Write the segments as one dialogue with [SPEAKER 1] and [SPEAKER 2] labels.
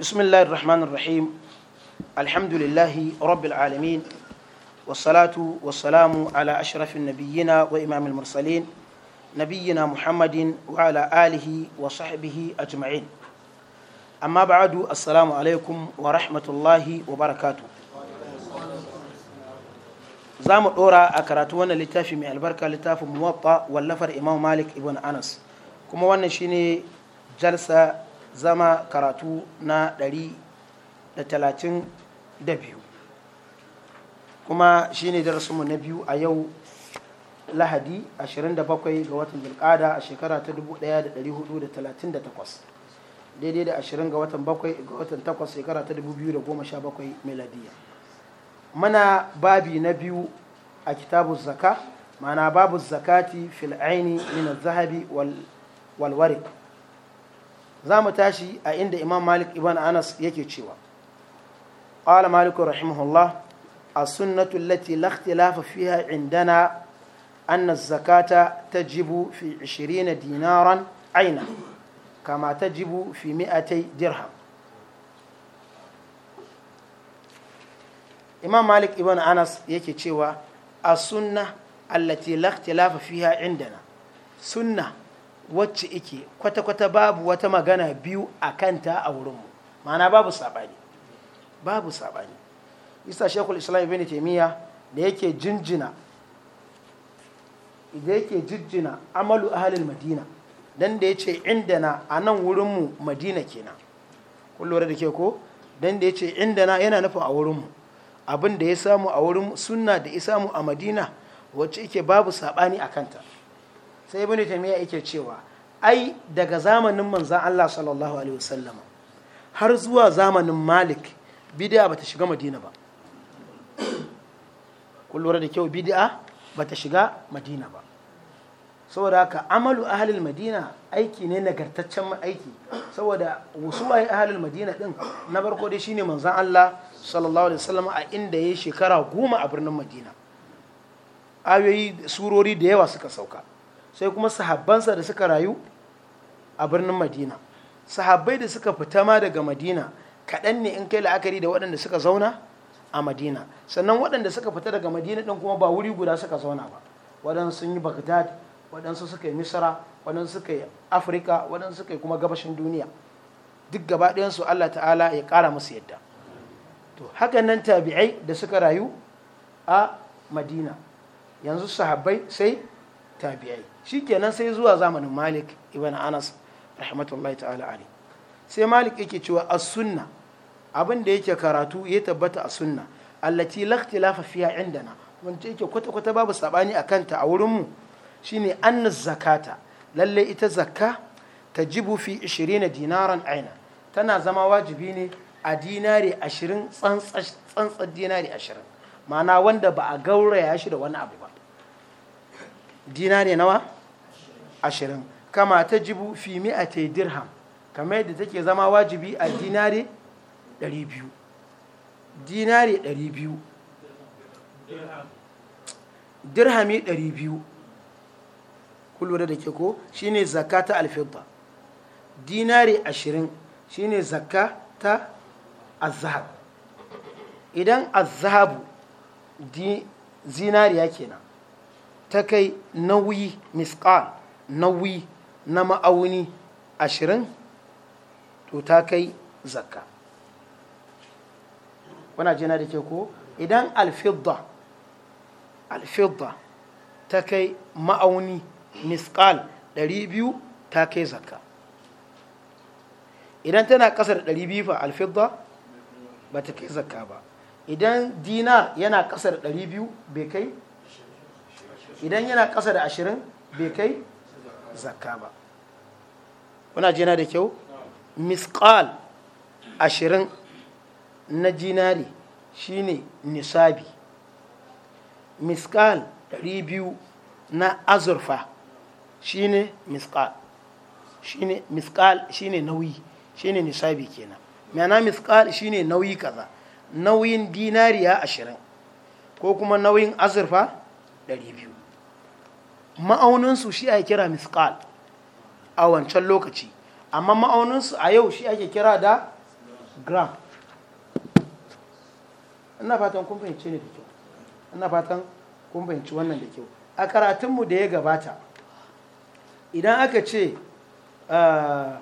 [SPEAKER 1] بسم الله الرحمن الرحيم الحمد لله رب العالمين والصلاة والسلام على أشرف النبيين وإمام المرسلين نبينا محمد وعلى آله وصحبه أجمعين أما بعد السلام عليكم ورحمة الله وبركاته زام الأورا أكراتونا لتافي من البركة لتافي موطأ واللفر إمام مالك ابن أنس كما وانا شيني جلسة zama karatu na 132 kuma shi ne darasinmu na biyu a yau lahadi 27 ga watan bilkada a shekara ta 1438 daidai da 20 ga watan 7 ga watan 8 shekara ta 2017 meladiya mana babi na biyu a kitabu zaka mana babu zakati fil'aini min zahabi walwarik za mu tashi a inda imam malik ibn anas yake cewa qala malik rahimahullah a sunnatu allati la ikhtilafa fiha indana أن الزكاة تجب في عشرين دينارا عينا كما تجب في مئتي درهم إمام مالك ابن أنس يكي تشوى a التي لا اختلاف فيها عندنا sunna. wacce ike kwata-kwata babu wata magana biyu a kanta a wurinmu ma'ana babu saɓani babu saɓani isa shekul islam ibn taimiyya da yake jinjina da yake jinjina amalu madina dan da ya ce inda na a nan wurinmu madina kenan kun da ke ko dan da ya ce inda na yana nufin a wurinmu abin da ya samu a wurin suna da ya samu a madina wacce ike babu saɓani a kanta sai ibn taymiya yake cewa ai daga zamanin manzan Allah sallallahu alaihi wasallam har zuwa zamanin Malik bid'a bata shiga Madina ba kun da kyau bid'a bata shiga Madina ba saboda haka amalu ahalil madina aiki ne nagartaccen aiki saboda wasu ai madina din na farko dai shine manzan Allah sallallahu alaihi wasallam a inda yayi shekara goma a birnin Madina ayoyi surori da yawa suka sauka sai kuma sahabbansa da suka rayu a birnin madina sahabbai da suka fita ma daga madina kaɗan ne in kai la'akari da waɗanda suka zauna a madina sannan waɗanda suka fita daga madina ɗin kuma ba wuri guda suka zauna ba waɗansu sun yi bagdad waɗansu suka yi misra waɗansu suka yi afirka waɗansu suka yi kuma gabashin duniya duk gaba ɗayansu allah ta'ala ya ƙara musu yadda to hakan nan tabi'ai da suka rayu a madina yanzu sahabbai sai tabi'ai shikenan sai zuwa zamanin malik ibn anas rahmatullahi ta'ala ali sai malik yake cewa as-sunna abin da yake karatu ya tabbata a sunna allati la ikhtilafa fiha indana wanda yake kwata kwata babu sabani akan ta a wurin mu shine an zakata lalle ita zakka tajibu fi 20 dinaran aina tana zama wajibi ne a dinari ashirin tsantsan dinari ashirin ma'ana wanda ba a gauraya shi da wani abu ba dinari nawa ashirin kama ta jibu fi mi'atai dirham kamar yadda take zama wajibi a dinare 200 dinare 200 biyu dirhami 200 biyu kulura da ke ko shine zakka ta alfidda dinare ashirin shine zakka ta azhab idan azhabu zinariya kenan ta kai nauyi misqal nauyi na ma'auni ashirin to ta kai zakka wana jina da ke ko idan alfidda alfidda ta kai ma'auni miskal 200 ta kai zakka idan tana kasar 200 fa alfidda ba ta kai zakka ba idan dina yana kasar 200 bai kai idan yana kasar 20 bai kai zakka ba kuna jina da kyau misqal ashirin na jinari shine nisabi misqal ɗari biyu na azurfa shine misqal shine misqal shine nauyi shine nisabi kenan ma'ana misqal shine nauyi kaza nauyin dinariya ashirin ko kuma nauyin azurfa ɗari biyu ma'auninsu shi ake kira miskal a wancan lokaci amma ma'auninsu a yau shi ake kira da gram ina fatan kun fahimci ne da kyau ina fatan kun fahimci wannan da kyau a karatunmu da ya gabata idan aka ce ah,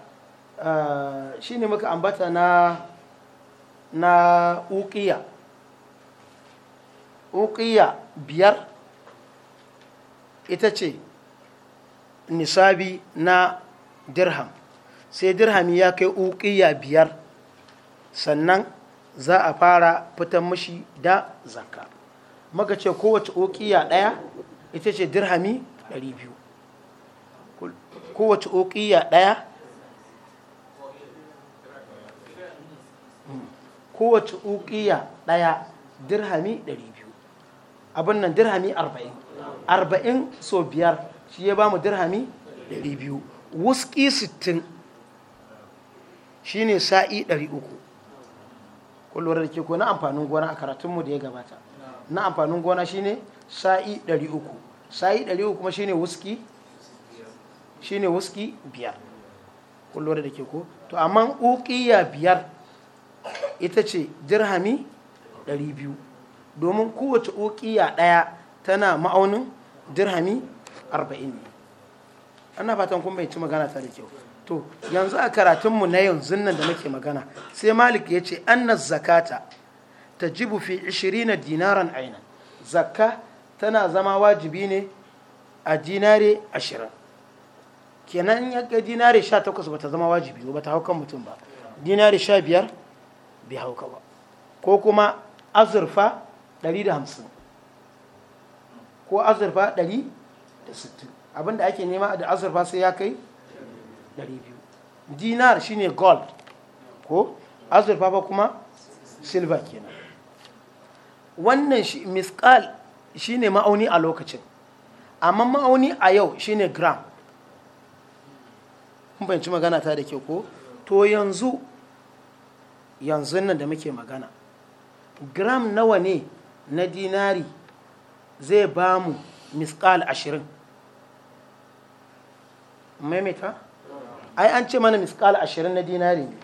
[SPEAKER 1] ah, shi ne muka ambata na na ukiya ukiya biyar ita ce nisabi na dirham sai dirhami ya kai uƙiya biyar sannan za a fara fitan mashi da zakka maka ce kowace uƙiya ɗaya ita ce dirhami 200 kowace uƙiya ɗaya hmm, kowace uƙiya ɗaya dirhami 200 abin nan dirhami 40 arba'in so biyar shi ya ba mu dirhami ɗari biyu wuski sittin shi ne sa'i ɗari uku kullum da ke ko na amfanin gona a karatunmu da ya gabata na amfanin gona shi ne sa'i ɗari uku sa'i ɗari uku kuma shi ne wuski biyar kullum da ke ko to amma ukiya biyar ita ce dirhami ɗari biyu domin kowace ukiya ɗaya tana ma'aunin dirhami arba'in ne ana fatan kuma bai ci magana ta da kyau to yanzu a karatunmu na yanzu nan da nake magana sai malik ya ce anna zakata ta jibu fi 20 dinaran aina zakka tana zama wajibi ne a dinare 20 kenan ya ga dinare 18 bata zama wajibi ba ta haukan mutum ba dinare 15 bai hauka ba ko kuma azurfa 150 ko azurfa 160 abinda ake nema da azurfa sai ya kai 200 dinar shine gold ko azurfa ba kuma silver kenan wannan shi miskal shine ma'auni a lokacin amma ma'auni a yau shine gram kun bayanci magana ta da ke ko to yanzu yanzu nan da muke magana gram nawa ne na dinari zai ba mu misqal ashirin maimaita ai an ce mana miskal ashirin na dinari ne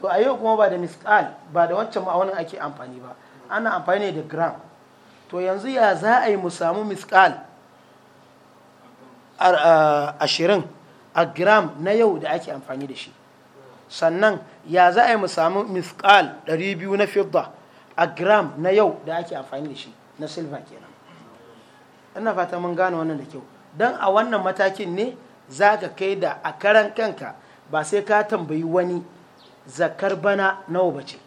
[SPEAKER 1] to a yau kuma ba da misqal ba da wancan ma'aunin ake amfani ba ana amfani da gram to yanzu ya za a yi mu samu misqal ashirin a gram na yau da ake amfani da shi sannan ya za a yi mu samu misqal 200 na fidda a gram na yau da ake amfani da shi na silva kenan ina fata mun gane wannan da kyau don a wannan matakin ne za ka kai da a karan kanka ba sai ka tambayi wani zakar bana nawa ba ce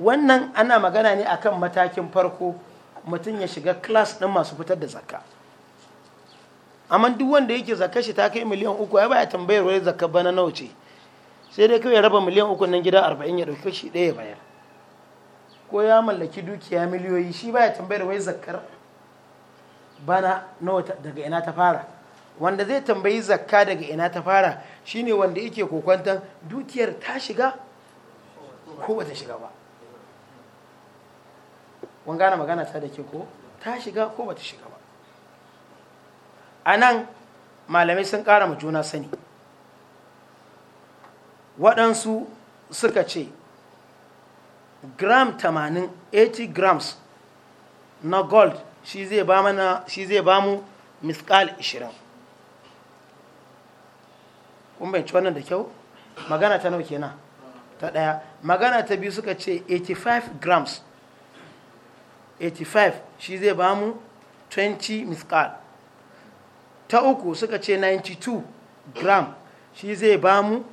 [SPEAKER 1] wannan ana magana ne a kan matakin farko mutum ya shiga klas ɗin masu fitar da zakka amma duk wanda yake zakka shi ta kai miliyan uku ya baya tambayar wani zakar bana nawa ce sai dai kawai raba miliyan uku nan gida arba'in ya ɗauki shi ɗaya bayar ko ya mallaki dukiya miliyoyi shi baya tambayar wai zakkar bana nawa daga ina ta fara wanda zai tambayi zakka daga ina ta fara shine wanda yake kokwantan dukiyar ta shiga ko ba ta shiga ba wani gane magana ta da ke ko ta shiga ko ba ta shiga ba a nan malamai sun kara mu juna sani waɗansu suka ce gram 80 80 grams na gold shi zai ba mu miskal 20 kun wannan da kyau magana ta nauke na ta daya magana ta biyu suka ce 85 grams 85 shi zai ba mu 20 miskal ta uku suka ce 92 gram shi zai ba mu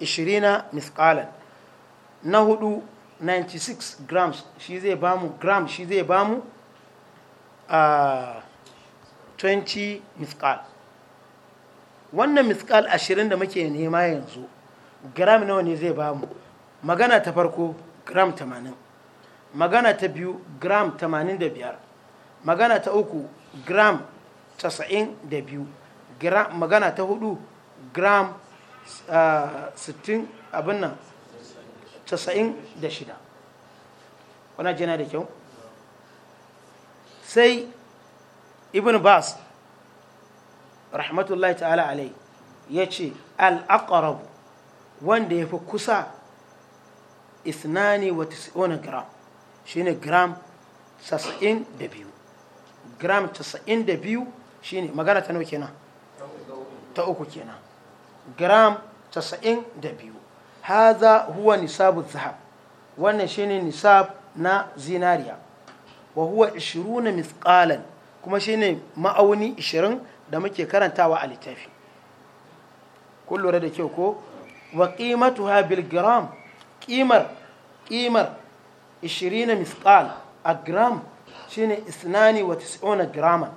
[SPEAKER 1] 20 miskalan na hudu 96 grams shi zai bamu gram shi zai bamu a 20 miskal wannan miskal 20 da muke nema yanzu gram nawa ne zai bamu magana ta farko gram 80 magana ta biyu gram 85 magana ta uku gram 92 magana ta hudu gram 60 abin nan casa'in da shida wana na da kyau sai ibn bas rahmatullahi ta'ala alai ya ce al'aƙarab wanda ya fi kusa isnani wani gram shi ne gram biyu gram biyu shi ne magana ta nau kenan ta uku kenan gram biyu. haza huwa nisabu zahab wannan shine nisab na zinariya wa huwa 20 mithqalan kuma shine ma'auni 20 da muke karantawa a littafi kun lura da kyau ko wa qimatuha bil gram qimar qimar 20 mithqal a gram shine 92 grama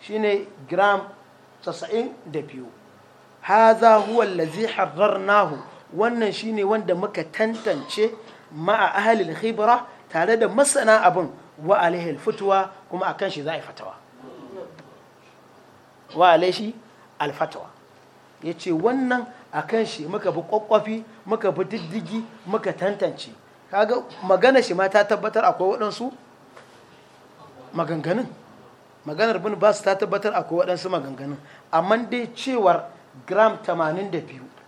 [SPEAKER 1] shine gram 92 hadha huwa allazi harrarnahu wannan shine wanda muka tantance ma'a ahalil khibra tare da masana abin wa alaihil fitwa kuma akan shi za a yi fatawa wa alaishi alfatawa ya ce wannan akan shi muka bi kwakwafi muka bi diddigi muka tantance kaga magana shi ma ta tabbatar akwai waɗansu maganganun maganar bin su ta tabbatar akwai waɗansu maganganun amma dai cewar gram 82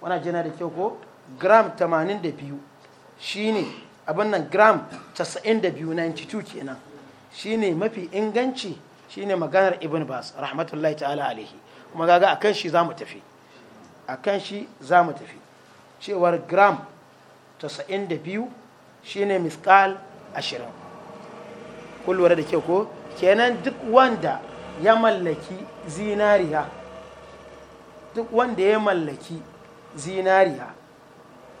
[SPEAKER 1] wana jina da kyau ko gram 82 ne abin nan gram 92 92 kenan ne mafi inganci shi ne maganar ibn bas rahmatullahi ta'ala alaihi kuma gaga kan shi za mu tafi a kan shi za mu tafi cewar gram 92 ne miskal 20 kullum da kyau ko kenan duk wanda ya mallaki zinariya duk wanda ya mallaki zinariya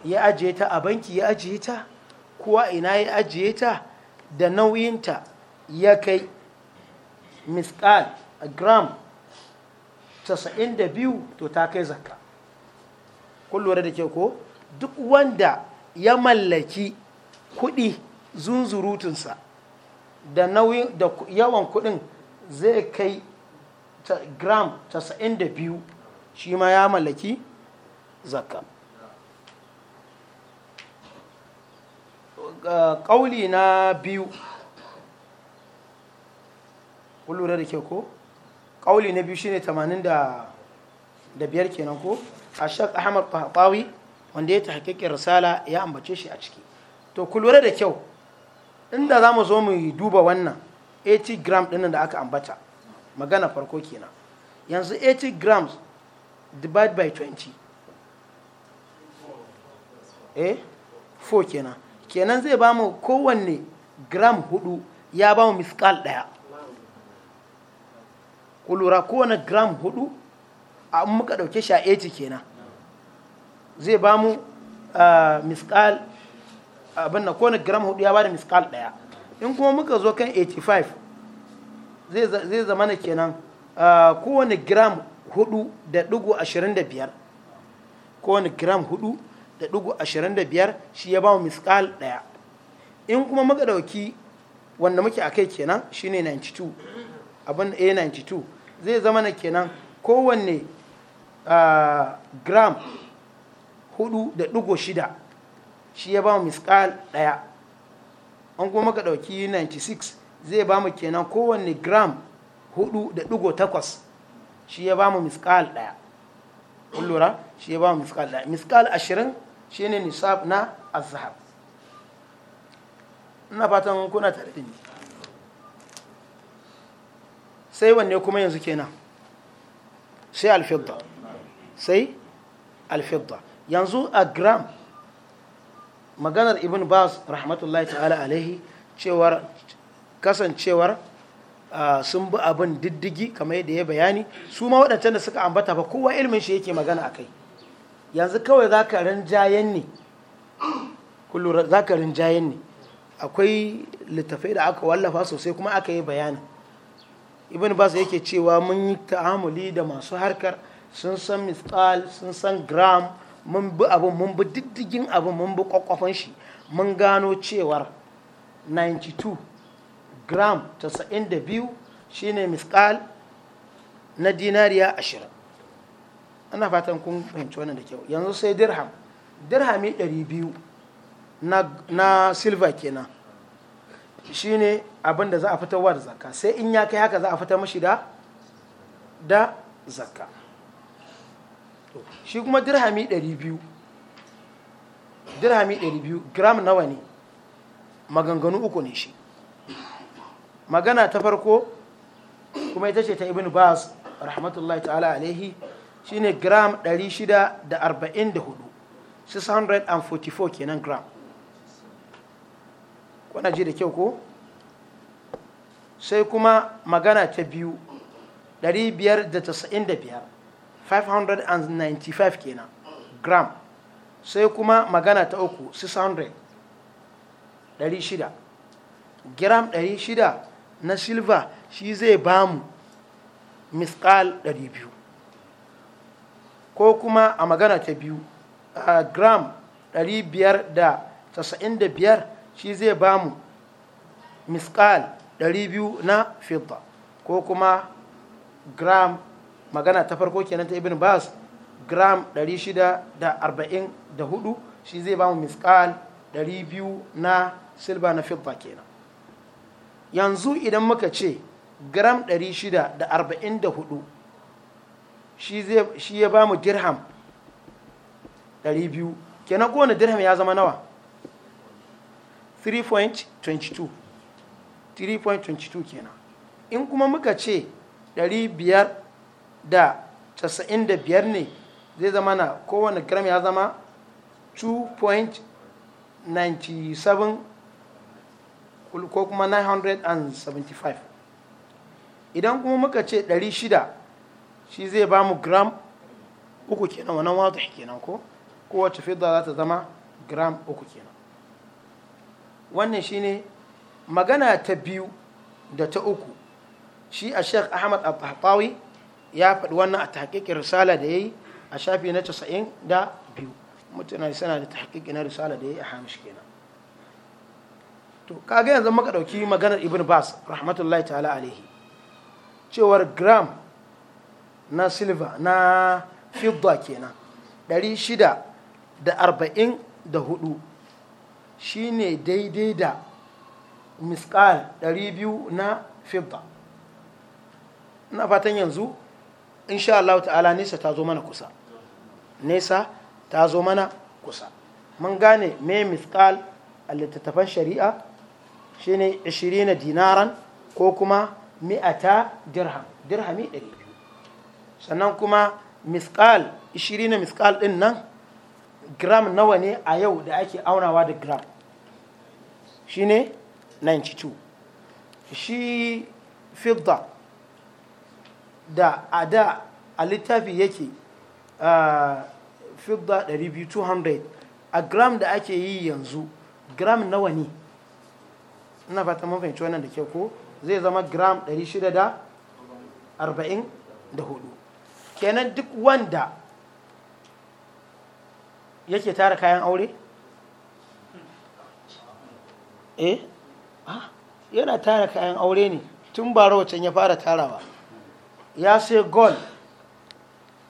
[SPEAKER 1] ya ajiye ta a banki ya ajiye ta kuwa ina ya ajiye ta da nauyinta ya kai miskal a gram 92 to ta kai zakka kun lura da ke ko duk wanda ya mallaki kudi zunzurutunsa da nauyin da yawan kudin zai kai gram 92 shi ma ya mallaki zakka ƙauli na biyu lura da ke ko ƙauli na biyu shine da biyar kenan ko a shak ahmad fahafawi wanda ya ta hakikin risala ya ambace shi a ciki to lura da kyau inda za mu zo mu duba wannan 80 gram ɗinnan da aka ambata magana farko kenan yanzu 80 grams divide by 20 eh 4 kenan kenan zai ba mu kowanne gram hudu ya ba mu miskal daya ku lura kowanne gram hudu a muka dauke sha 80 kenan zai ba mu miskal abin na gram hudu ya ba da miskal daya in kuma muka zo kan 85 zai zama na kenan kowanne gram hudu da dugu 25 da gram hudu da ɗigo ashirin da biyar shi ya ba mu miskal ɗaya in kuma muka ɗauki wanda muke a kai kenan shi ne 92 abin a eh, 92 zai zama na kenan kowanne ah, gram hudu da ɗigo shida shi ya ba mu miskal ɗaya an kuma muka ɗauki 96 zai ba mu kenan kowanne gram hudu da ɗigo takwas shi ya ba mu miskal ɗaya kullura shi ya ba mu miskal ɗaya miskal ashirin Shi ne nisab na azhab ina fatan kuna tare da ni sai wanne kuma yanzu kenan sai alfidda sai alfidda yanzu a gram maganar ibn bas rahmatullahi ta'ala alaihi cewar kasancewar sun bi abin diddigi kamar yadda ya bayani su ma waɗancan da suka ambata ba kowa ilmin shi yake magana a kai yanzu kawai za ka rinjayen ne kullum za ka rinjayen ne akwai littafai da aka wallafa sosai kuma aka yi bayanin ibn basu yake cewa mun yi ta'amuli da masu harkar sun san mistal sun san gram mun bi abin mun bi diddigin abin mun bi kwakwafan shi mun gano cewar 92 gram 92 shine mistal na dinariya ashirin. ana fatan kun fahimci wannan da kyau yanzu sai dirham dirhami 200 na, na silva kenan shine abin da za a fitarwa da zakka sai in ya kai haka za a fitar mashi da da zakka shi kuma dirhami 200 dirhami 200 gram nawa ne maganganu uku ne shi magana ta farko kuma ita ce ta ibn bas rahmatullahi ta'ala alaihi shine gram 644 644 kenan gram kuna ji da kyau ko sai kuma magana ta biyu 595 595 kenan gram sai kuma magana ta uku 600 600 gram 600 na silva shi zai bamu miskal 200 ko kuma a magana ta biyu a gram 595 shi zai ba mu miskal 200 na fidda ko kuma gram magana ta farko kenan ta ibn bas gram 644 shi zai ba mu miskal 200 na silba na fidda kenan yanzu idan muka ce gram 644 shi ya ba mu dirham 200 kenan kowane dirham ya zama nawa 3.22 3.22 kenan in kuma muka ce 595 ne zai zama na kowane gram ya zama 2.97 ko kuma 975 idan kuma muka ce 600 shi zai ba mu gram uku kenan wannan wata kenan ko kowace fidda za ta zama gram uku kenan wannan shi ne magana ta biyu da ta uku shi a sheikh ahmad al-tahtawi ya faɗi wannan a tahqiqin risala da yayi a shafi na casa'in da biyu mutuna sana da tahqiqin na risala da yi a hamish kenan to kaga yanzu muka ɗauki maganar ibn bas rahmatullahi ta'ala alaihi cewar gram na silva na fidda kenan 644 shi ne daidai da miskal 200 na fidda na fatan yanzu insha Allah ta'ala nesa ta zo mana kusa nesa ta zo mana kusa mun gane me miskal a littattafan shari'a shine 20 dinaran ko kuma mi'ata dirham dirhami 100 sannan kuma miskal 20 na miskal din nan gram nawa ne a yau da ake aunawa da gram shi ne 92 shi fidda da a da a littafi yake fidda 200 a gram da ake yi yanzu gram nawa ne ina fata mun fahimci wannan da ke ko zai zama gram 644 kenan duk wanda yake tara kayan aure eh ah, yana tara kayan aure ne tun ba rawacin ya fara tarawa ya sai gol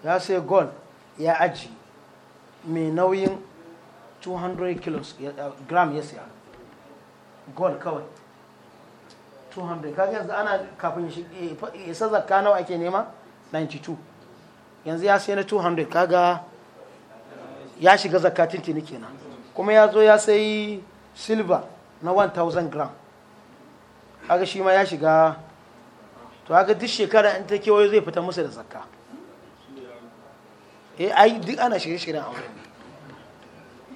[SPEAKER 1] ya sai gol ya aji mai nauyin 200 kilos gram ya siya gol kawai 200 kafin ya sazarka nawa ake nema 92 yanzu ya sai na 200 kaga ya shiga zakatin tini kenan kuma ya zo ya sai silver na 1000 gram kaga shi ma ya shiga to haka duk shekara in ta kewaye zai fita musu da zakka eh ai duk ana shirye-shiryen auren ne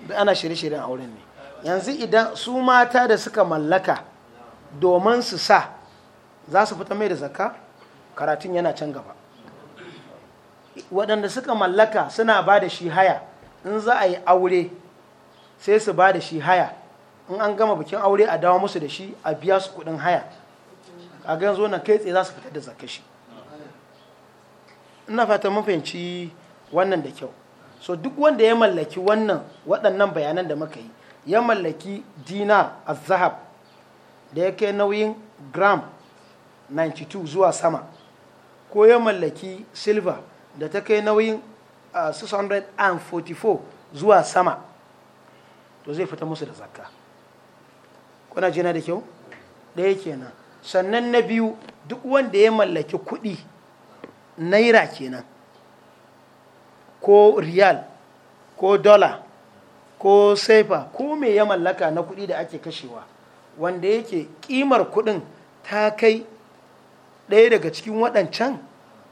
[SPEAKER 1] duk ana shirye-shiryen auren ne yanzu idan su mata da suka mallaka domin su sa za su fita mai da zakka karatun yana can gaba waɗanda suka mallaka suna ba da shi haya in za a yi aure sai su ba da shi haya in an gama bikin aure a dawo musu da shi a biya su kuɗin haya a gan zo na kai tsaye za su fitar da zakashi ina fata mafiyanci wannan da kyau so duk wanda ya mallaki wannan waɗannan bayanan da muka yi ya mallaki dina a zahab da ya kai nauyin gram 92 zuwa sama ko ya mallaki silver da ta kai nauyin 644 zuwa sama to zai fita musu da zakka kuna jina da kyau ɗaya kenan sannan na biyu duk wanda ya mallaki kuɗi naira kenan ko riyal ko dola ko saifa ko me ya mallaka na kuɗi da ake kashewa wanda yake ƙimar kuɗin ta kai ɗaya daga cikin waɗancan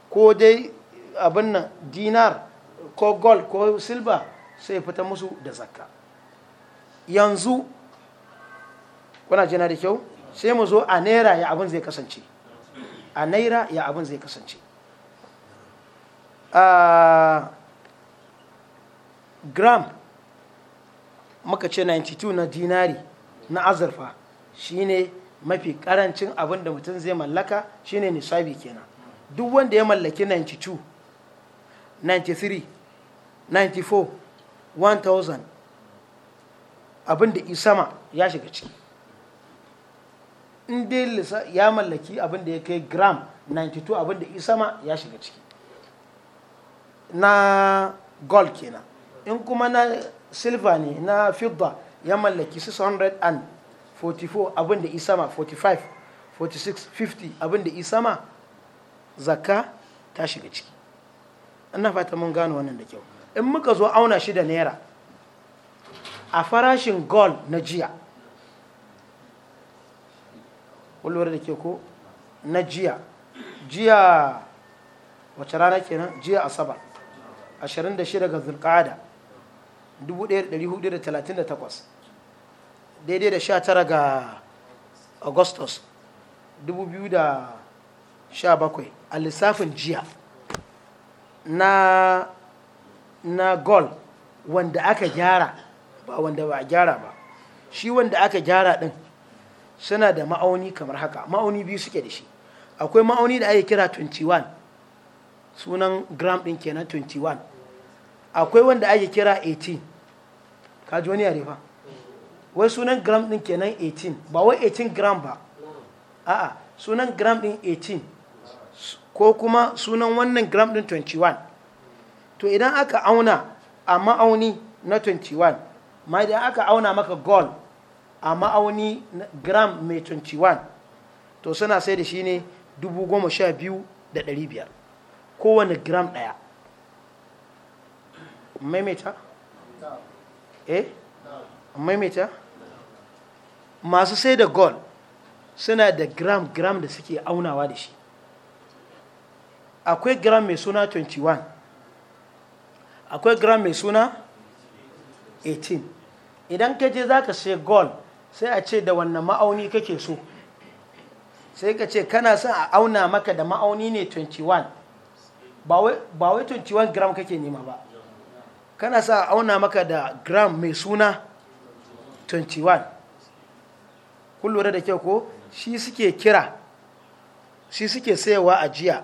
[SPEAKER 1] ko dai abin nan dinar ko gold ko silba sai fita musu da zakka yanzu kuna jina da kyau sai mu zo a naira ya abin zai kasance a naira ya abin zai kasance a gram muka ce 92 na dinari na azurfa shine mafi karancin abin da mutum zai mallaka shine nisabi kenan duk wanda ya mallaki 92 1000 abin da isama ya shiga ciki inda ya mallaki abin da ya kai gram 92 abin da isama ya shiga ciki na gold kenan in kuma na silver ne na fidda ya mallaki 644 abin da isama 45 46 50 abin da isama zaka ta shiga ciki ina fata mun gano wannan da kyau in muka zo auna shi da naira a farashin gold na jiya kullum da ke ko na jiya jiya wace rana kenan jiya asabar 26 ga zulkada 1438 daidai da 19 ga agustus 2017 a lissafin jiya na na gol wanda aka gyara ba wanda ba a gyara ba shi wanda aka gyara din suna da ma'auni kamar haka ma'auni biyu suke da shi akwai ma'auni da ake kira 21 sunan gram din kenan 21 akwai wanda ake kira 18 kaji wani a rifa wai sunan gram din kenan 18 ba wai 18 gram ba a'a sunan gram din 18 ko kuma sunan wannan gram ɗin 21 to idan aka auna a ma'auni na 21 ma idan aka auna maka gold a ma'auni gram mai 21 to suna sai da shi ne 12,500 kowane gram ɗaya maimaita? eh? maimaita? masu sai da gold suna da gram gram da suke aunawa da shi akwai gram mai suna 21 akwai gram mai suna 18 idan ka je za ka sai gol sai a ce da wannan ma'auni kake so sai ka ce kana son a auna maka da ma'auni ne 21 ba wai 21 gram kake nema ba kana sa a auna maka da gram mai suna 21 kullum da kyau ko shi suke kira shi suke sayawa a jiya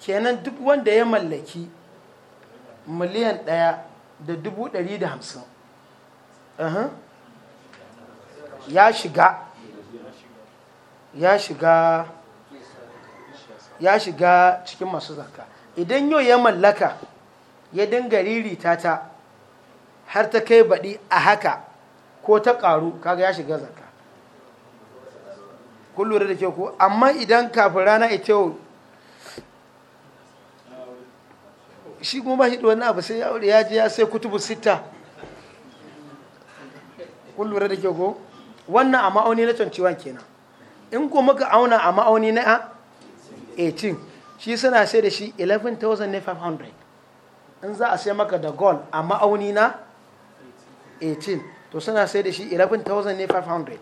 [SPEAKER 1] kenan duk wanda ya mallaki miliyan ɗaya da dubu ɗari da hamsin ya shiga ya shiga ya shiga cikin masu zarka idan yau ya mallaka ya dinga ririta ta har ta kai baɗi a haka ko ta ƙaru kaga ya shiga zarka kullum da ke ku amma idan kafin rana ita yau shi kuma ba shi da wani abu sai ya wuri ya je ya sai kutubu sita kun lura da ke ko wannan a ma'auni na cancewa kenan in ko muka auna a ma'auni na 18 ah, shi suna sai da shi 11,500 in za a sai maka da gold a ma'auni na 18 to suna sai da shi 11,500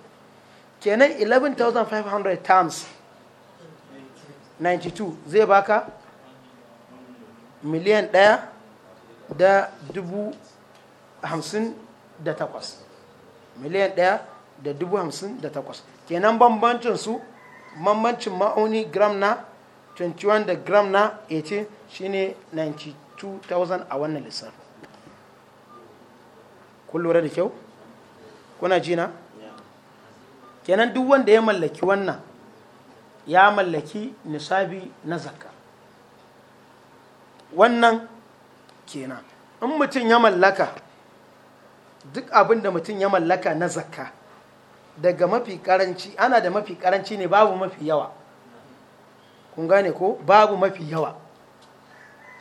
[SPEAKER 1] kenan 11,500 times 92 zai baka miliyan ɗaya da dubu hamsin da takwas miliyan ɗaya da dubu hamsin da takwas kenan bambancin su bambancin ma'auni gram na 21 da gram na 18 shine 92,000 a wannan lissafi kun lura da kyau kuna jina kenan duk wanda ya mallaki wannan ya mallaki nisabi na zakka wannan kenan in mutum ya mallaka duk abin da mutum ya mallaka na zakka daga mafi karanci ana da mafi karanci ne babu mafi yawa kun gane ko babu mafi yawa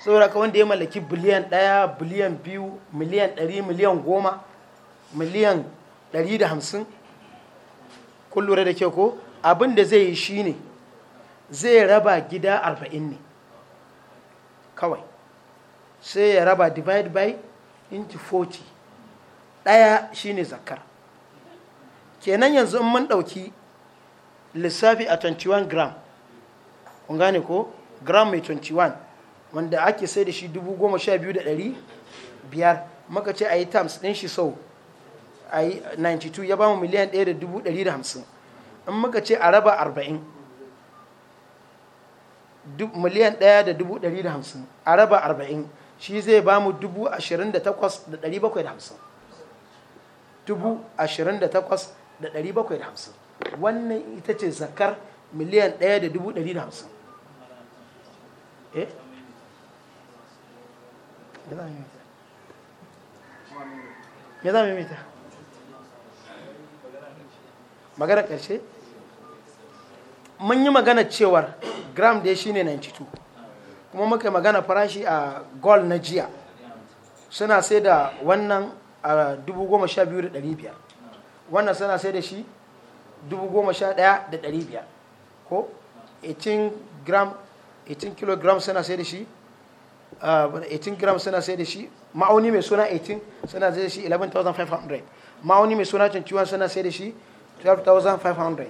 [SPEAKER 1] saboda ka wanda ya mallaki biliyan ɗaya biliyan biyu miliyan ɗari miliyan goma miliyan ɗari da hamsin kun da ke ko abin da zai yi shi ne zai raba gida arba'in ne kawai sai ya raba divide by into 40 ɗaya ne zakar kenan yanzu in mun ɗauki lissafi a 21 gram kun gane ko gram mai 21 wanda ake sai da shi 12,500 maka ce a yi times ɗin shi sau a yi 92 ya ba mu miliyan 1,150 in maka ce a raba 40 miliyan ɗaya da dubu ɗari da hamsin a raba arba'in shi zai ba mu dubu ashirin da takwas da ɗari bakwai da hamsin dubu ashirin da takwas da ɗari bakwai da hamsin wannan ita ce zakar miliyan ɗaya da dubu ɗari da hamsin eh? me za mu yi mita magana ƙarshe mun yi magana cewar gram da shi ne 92 kuma muka magana farashi a gol na jiya suna sai da wannan a 12,500 wannan suna sai da shi 11,500 ko 18 gram 18 kilogram suna sai da shi Uh, 18 gram suna sai da shi ma'auni mai suna 18 suna sai da shi 11,500 ma'auni mai suna 21 suna sai da shi 12,500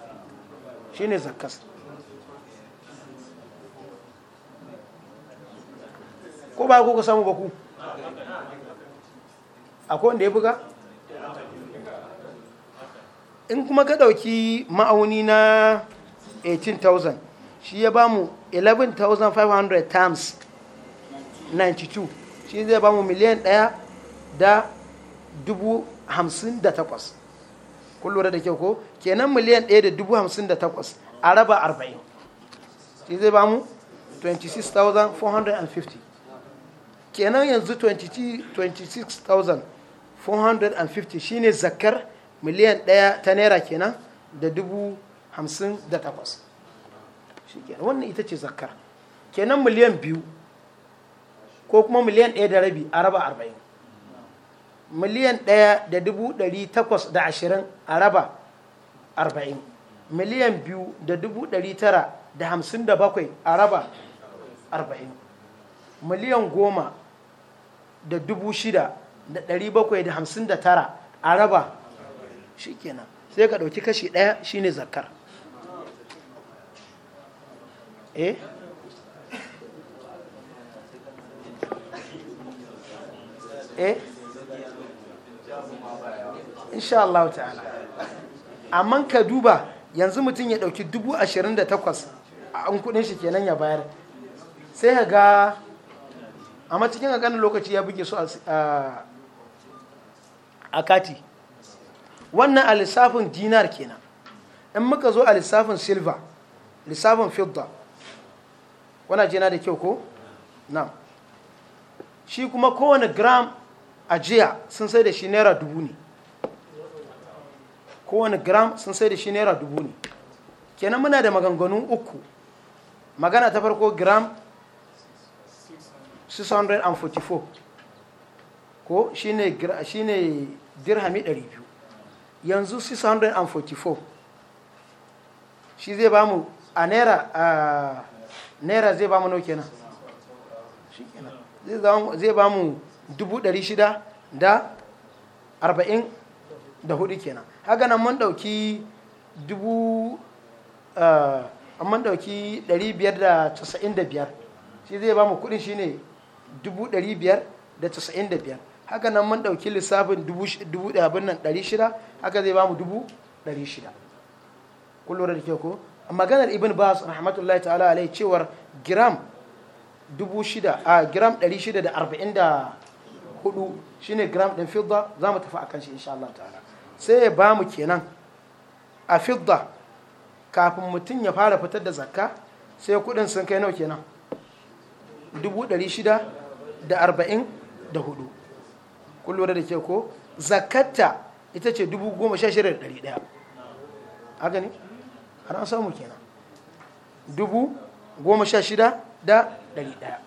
[SPEAKER 1] shine zakas ko ba ku ka samu ba ku akwai wanda ya buga in kuma ka ɗauki ma'auni na 18,000 shi ya ba mu 11,500 times 92 shi zai ba mu miliyan ɗaya da dubu hamsin da kun lura da kyau ko kenan miliyan ɗaya da dubu hamsin da takwas a raba arba'in shi zai ba mu 26,450 kenan yanzu 26,450 shine zakar miliyan ɗaya ta naira kenan da dubu hamsin da takwas wannan ita ce zakar kenan miliyan biyu ko kuma miliyan ɗaya da rabi a raba arba'in miliyan ɗaya da dubu ɗari takwas da ashirin a raba arba'in miliyan biyu da dubu ɗari tara da hamsin da bakwai a raba arba'in miliyan goma da dubu shida da ɗari bakwai da hamsin da tara a raba shi kenan sai ka ɗauki kashi ɗaya shi ne zakar eh eh insha Allah ta'ala amma ka duba yanzu mutum ya ɗauki dubu ashirin da takwas a an kudin shi kenan ya bayar sai ga amma cikin ƙanƙanin lokaci ya buge su a kati wannan a lissafin dinar kenan in muka zo a lissafin silver lissafin fidda wana jina da kyau ko? na shi kuma kowane gram a jiya sun sai da shi naira dubu ne kowane gram sun sai da shi naira dubu ne kenan muna da maganganu uku magana ta farko gram 644 ko shi ne dirhami 200 yanzu 644 shi zai ba mu a naira a naira zai ba mu nau kenan zai ba mu 600 da 40 da hudu kenan haka nan mun ɗauki dubu a eh, mun ɗauki 595 shi zai ba mu kuɗin shi ne 595 haka nan mun ɗauki lissafin dubu abin nan 600 haka zai ba mu dubu 600 kun lura da ke ko maganar ibn bas rahmatullahi ta'ala alai cewar gram 600 a gram 644 shi ne gram ɗin fidda za mu tafi a kan shi insha Allah ta'ala sai ya ba mu kenan a fidda kafin mutum ya fara fitar da zakka sai kudin sun kai nau kenan 644 kullum da ke ko zakatta ita ce 16,100 haka ne har an samu kenan 16,100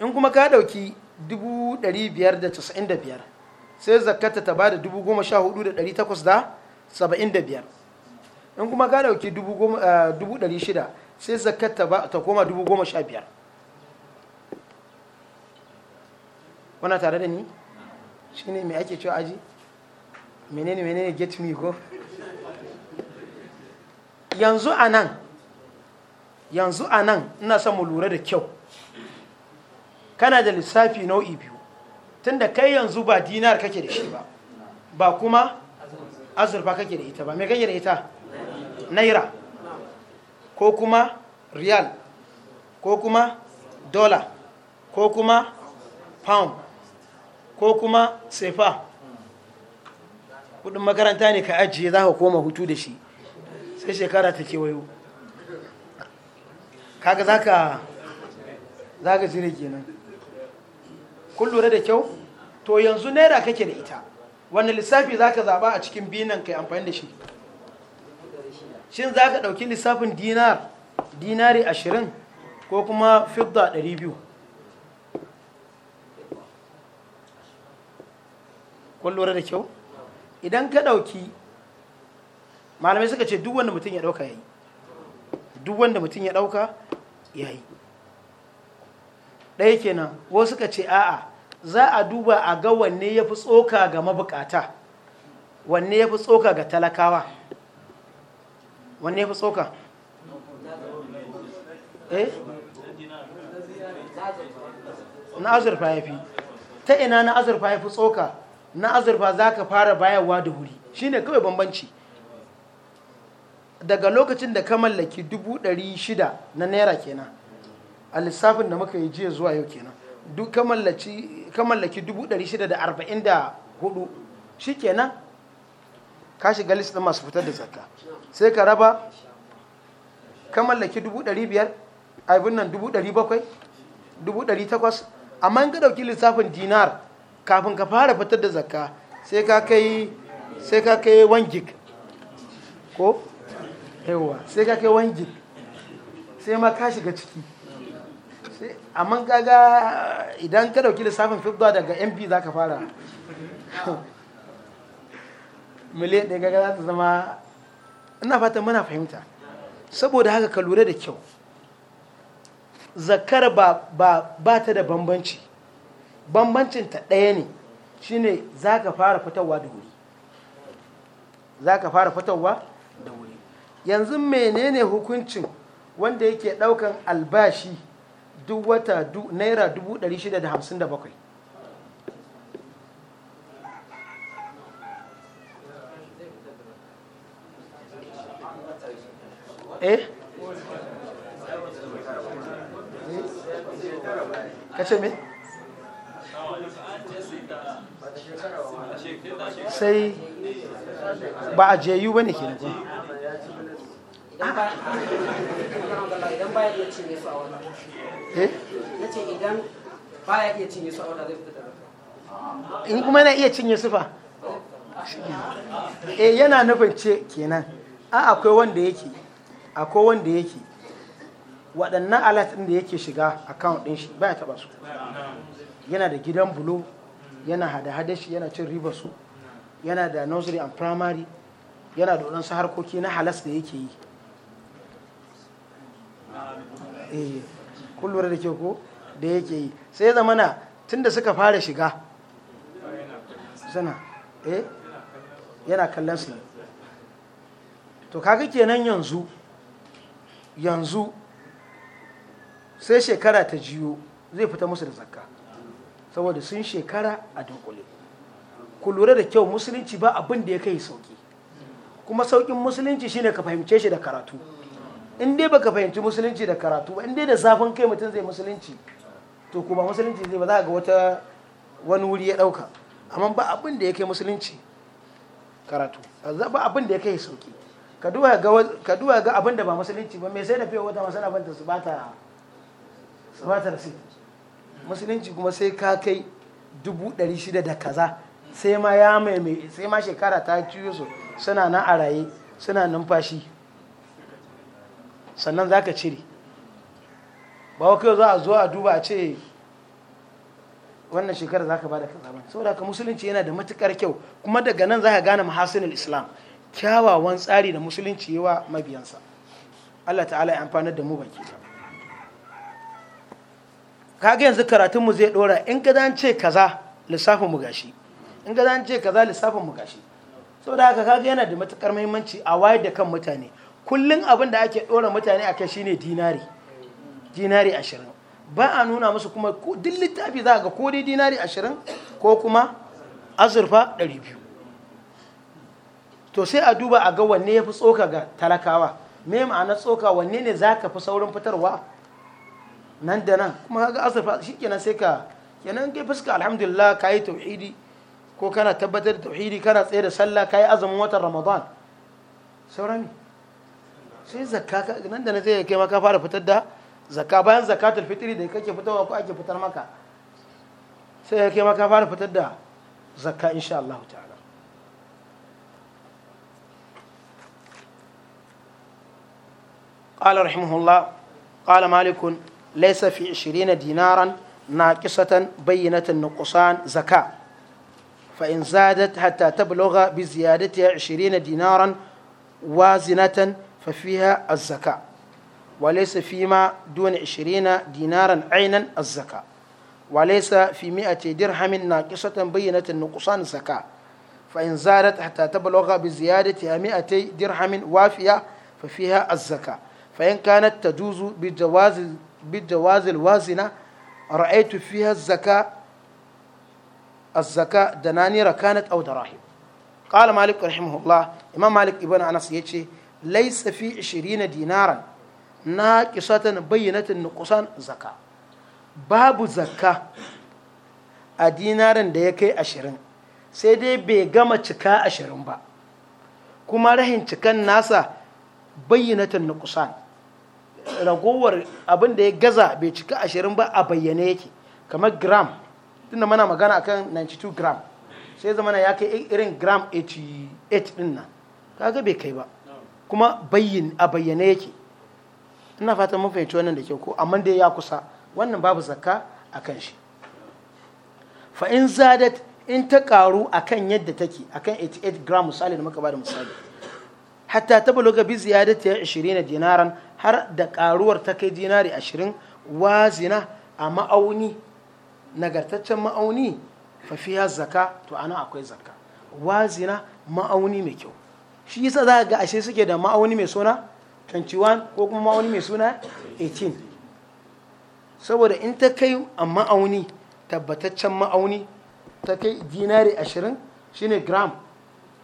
[SPEAKER 1] in kuma ka dauki 1595 sai zakata ta bada 14875 in kuma ka dauki 600 eh, sai zakata ta koma 15000 wana tare da ni shi ne mai ake cewa aji menene menene get me go yanzu a nan yanzu a nan ina son mu lura da kyau kana da lissafi nau'i biyu tun da kai yanzu ba dinar kake da shi ba ba kuma azurfa kake da ita ba me kake da ita naira ko kuma riyal ko kuma dola ko kuma pound ko kuma sefa kudin makaranta ne ka ajiye za ka koma hutu da shi sai shekara ta kewayo kaga za ka zaka kenan kun lura da kyau to yanzu naira kake da ita wani lissafi za ka zaɓa a cikin binan kai amfani da shi shin za ka ɗauki lissafin dinar dinari ashirin ko kuma fidda ɗari biyu kun lura da kyau idan ka ɗauki malamai suka ce duk wanda mutum ya ɗauka ya yi duk wanda mutum ya ɗauka ya yi ɗaya kenan wasu suka ce a'a za a duba a ga wanne ya fi tsoka ga mabukata wanne ya fi tsoka ga talakawa wanne ya fi tsoka
[SPEAKER 2] eh na azurfa
[SPEAKER 1] ya fi ta ina na azurfa ya fi tsoka na azurfa za ka fara bayarwa da wuri shine kawai bambanci daga lokacin da ka mallaki 600 na naira kenan a lissafin da muka yi jiya zuwa yau kenan duk kamallaki mallaki 644 shi kenan ka shiga list masu fitar da zakka sai ka raba ka mallaki 500 aibin nan 700 800 amma in ka ɗauki lissafin dinar kafin ka fara fitar da zakka sai ka kai sai ka kai 1 gig ko yawa sai ka kai 1 gig sai ma ka shiga ciki amma kaga idan ka dauki lissafin fidda daga mp za ka fara miliyan ɗaya gaga za ta zama ina fatan muna fahimta saboda haka ka lura da kyau zakar ba, ta da bambanci bambancin ta ɗaya ne shine za ka fara fitowa da wuri za ka fara fitowa da wuri yanzu menene hukuncin wanda yake ɗaukan albashi duk wata naira 657 eh kace me sai ba a jeyu ba ne ke nufin idan ba ya iya su a wannan Eh? na ce idan ba ya iya cinye su a zai fita da in kuma yana iya cinye su fa e yana nufin ce kenan a akwai wanda yake akwai wanda yake waɗannan alat ɗin da yake shiga account ɗin shi baya taɓa su yana da gidan bulo yana hada-hada shi yana cin riba su yana da nursery and primary yana da waɗansu harkoki na halas da yake yi eh. kun da ke ko da yake yi sai zamana tunda suka fara shiga suna eh yana kallon su to kaga kenan yanzu yanzu sai shekara ta jiyo zai fita musu da zakka saboda sun shekara a dunkule ku lura da kyau musulunci ba abin da ya kai sauki kuma saukin musulunci shine ka fahimce shi da karatu in dai baka fahimci musulunci da karatu ba in dai da zafin kai mutum zai musulunci to ko ba musulunci zai ba za ga wata wani wuri ya dauka amma ba abin da yake musulunci karatu ba abin da yake sauki ka duba ga ka duba abin da ba musulunci ba me sai da fiye wata masana banta su bata su bata rasi musulunci kuma sai ka kai dubu ɗari shida da kaza sai ma ya mai sai ma shekara ta ciyo su suna nan a raye suna numfashi sannan za ka cire ba wa kai za a zuwa a duba a ce wannan shekara za ka ba da kazaban saboda ka musulunci yana da matukar kyau kuma daga nan za ka gane mahasinin islam kyawawan tsari da musulunci yawa mabiyansa Allah ta'ala ya amfanar da mu baki ta kaga yanzu karatun mu zai dora in ga zan ce kaza lissafin mu gashi in ka zan ce kaza lissafin mu gashi saboda haka kaga yana da matukar muhimmanci a wayar da kan mutane kullum abin da ake ɗora mutane a kai shine dinari dinari ashirin ba a nuna musu kuma duk littafi za a ga ko dinari ashirin ko kuma azurfa ɗari biyu to sai a duba a ga wanne ya fi tsoka ga talakawa me ma'ana tsoka wanne ne za ka fi saurin fitarwa nan da nan kuma ga azurfa shi kenan sai ka kenan kai fuska alhamdulillah ka yi tauhidi ko kana tabbatar da tauhidi kana tsaye da sallah ka yi azumin watan ramadan sauran sai zakka ka nan da na zai kai ma ka fara fitar da zakka bayan zakatul fitri da kake fitowa ko ake fitar maka sai kai ma ka fara fitar da zakka insha Allah ta'ala قال رحمه الله قال مالك ليس في عشرين دينارا ناقصة بينة النقصان زكاة فإن زادت حتى تبلغ بزيادتها عشرين دينارا وازنة ففيها الزكاة وليس فيما دون عشرين دينارا عينا الزكاة وليس في مئة درهم ناقصة بينة النقصان الزكاة فإن زادت حتى تبلغ بزيادتها مئتي درهم وافية ففيها الزكاة فإن كانت تجوز بجواز بالجواز الوازنة رأيت فيها الزكاة الزكاة دنانير كانت أو دراهم قال مالك رحمه الله إمام مالك ابن أنس يتشي laisa fi 20 dinaran na kisatan bayyinatin nukusan zaka babu zakka a dinaran da ya kai ashirin sai dai bai gama cika ashirin ba kuma rahin cikan nasa bayyinatin nukusan ragowar abinda ya gaza bai cika ashirin ba a bayyane yake kamar gram tunda mana magana akan 92 gram sai zamana ya kai irin gram 88 din kaga bai kai ba kuma a bayyane yake ina fata mun fahimci wannan da kyau ko amma dai ya kusa wannan babu zakka a kan shi fa in zadat in ta karu akan yadda take akan 88 gram misali da ba da misali hatta ta baloga bi ziyadati 20 dinaran har da karuwar ta kai dinari 20 wazina a ma'auni nagartaccen ma'auni fa fiya zakka to ana akwai zakka wazina ma'auni mai kyau shi yasa za ga ashe suke da ma'auni mai suna 21 ko kuma ma'auni mai suna 18 saboda in ta kai a ma'auni tabbataccen ma'auni ta kai dinari 20 shine gram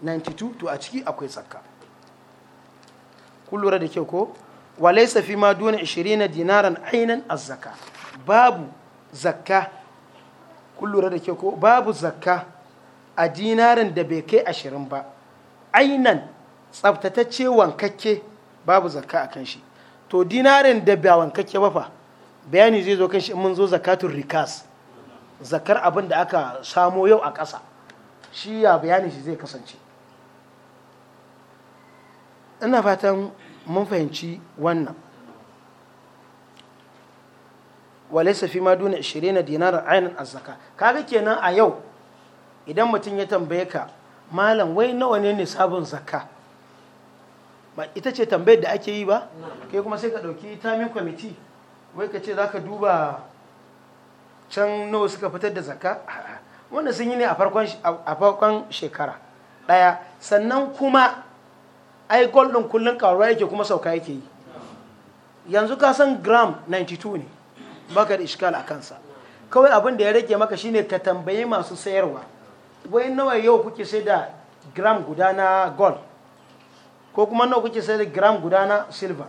[SPEAKER 1] 92 to a ciki akwai tsakka kullura da kyau ko walaisa fi ma duna 20 dinaran ainan azzaka babu zakka kullura da kyau ko babu zakka a dinarin da bai kai ashirin ba ainan tsabtatacce wankakke babu zakka a kan shi to dinarin da ba wankakke ba fa bayani zai zo kan shi mun zo zakatun rikas zakar abin da aka samo yau a ƙasa shi ya bayani shi zai kasance ina fatan mun fahimci wannan walaisa fi ma duna 20 dinarar ainihin azzaka kaga kenan a yau idan mutum ya tambaye ka malam wai nawa ne ne sabon zakka ba ita ce tambayar da ake yi ba kai kuma sai ka ɗauki timing committee wai ka ce za ka duba can nawa suka fitar da zakka wanda sun yi ne a farkon shekara ɗaya sannan kuma ai golden ɗin kullum ƙaruwa yake kuma sauka yake yi yanzu ka san gram 92 ne baka da iskala a kansa kawai abin da ya rage maka shine ka tambayi masu sayarwa wai nawa yau kuke sai da gram guda na gold ko kuma nawa kuke sai da gram guda na silver